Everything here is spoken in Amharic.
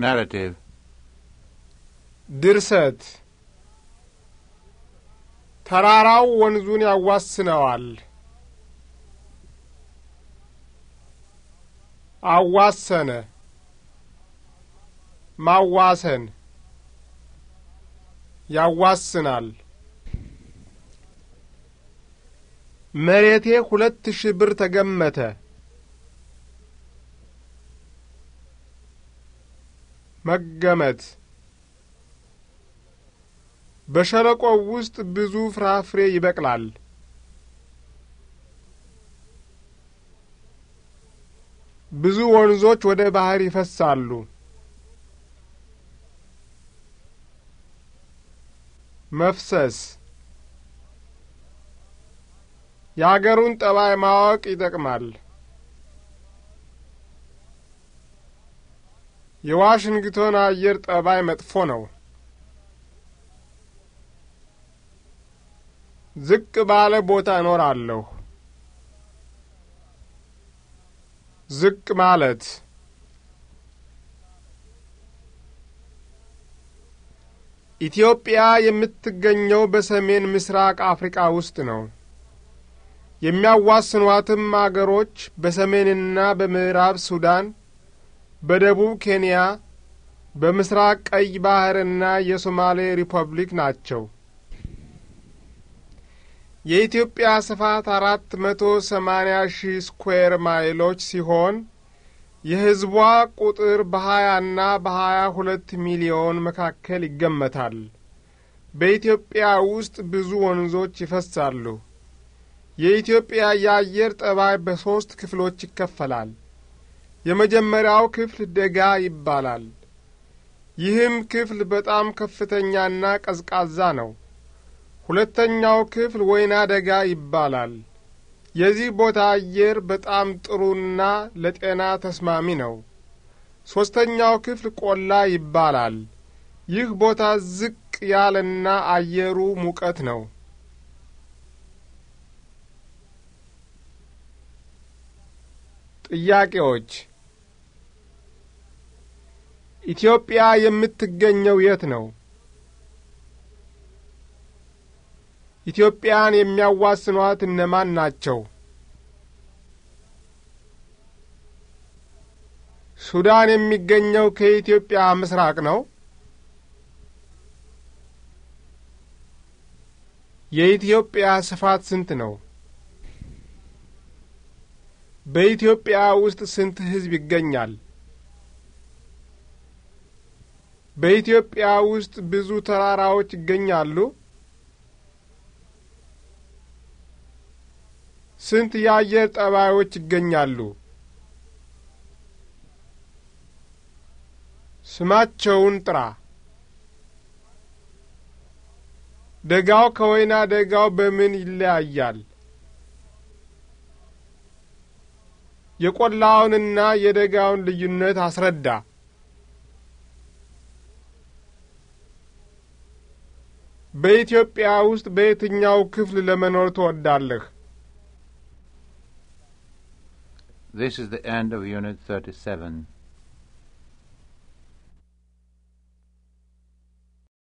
ናራቲቭ ድርሰት ተራራው ወንዙን ያዋስነዋል። አዋሰነ፣ ማዋሰን፣ ያዋስናል። መሬቴ ሁለት ሺህ ብር ተገመተ። መገመት በሸለቆው ውስጥ ብዙ ፍራፍሬ ይበቅላል። ብዙ ወንዞች ወደ ባህር ይፈሳሉ። መፍሰስ የአገሩን ጠባይ ማወቅ ይጠቅማል። የዋሽንግቶን አየር ጠባይ መጥፎ ነው። ዝቅ ባለ ቦታ እኖራለሁ። ዝቅ ማለት ኢትዮጵያ የምትገኘው በሰሜን ምስራቅ አፍሪካ ውስጥ ነው። የሚያዋስኗትም አገሮች በሰሜንና በምዕራብ ሱዳን በደቡብ ኬንያ፣ በምስራቅ ቀይ ባህርና የሶማሌ ሪፐብሊክ ናቸው። የኢትዮጵያ ስፋት አራት መቶ ሰማኒያ ሺህ ስኩዌር ማይሎች ሲሆን የሕዝቧ ቁጥር በሀያና በሀያ ሁለት ሚሊዮን መካከል ይገመታል። በኢትዮጵያ ውስጥ ብዙ ወንዞች ይፈሳሉ። የኢትዮጵያ የአየር ጠባይ በሦስት ክፍሎች ይከፈላል። የመጀመሪያው ክፍል ደጋ ይባላል። ይህም ክፍል በጣም ከፍተኛና ቀዝቃዛ ነው። ሁለተኛው ክፍል ወይና ደጋ ይባላል። የዚህ ቦታ አየር በጣም ጥሩና ለጤና ተስማሚ ነው። ሦስተኛው ክፍል ቆላ ይባላል። ይህ ቦታ ዝቅ ያለና አየሩ ሙቀት ነው። ጥያቄዎች ኢትዮጵያ የምትገኘው የት ነው? ኢትዮጵያን የሚያዋስኗት እነማን ናቸው? ሱዳን የሚገኘው ከኢትዮጵያ ምስራቅ ነው? የኢትዮጵያ ስፋት ስንት ነው? በኢትዮጵያ ውስጥ ስንት ሕዝብ ይገኛል? በኢትዮጵያ ውስጥ ብዙ ተራራዎች ይገኛሉ? ስንት የአየር ጠባዮች ይገኛሉ? ስማቸውን ጥራ። ደጋው ከወይና ደጋው በምን ይለያያል? የቆላውንና የደጋውን ልዩነት አስረዳ። በኢትዮጵያ ውስጥ በየትኛው ክፍል ለመኖር ትወዳለህ? This is the end of Unit 37.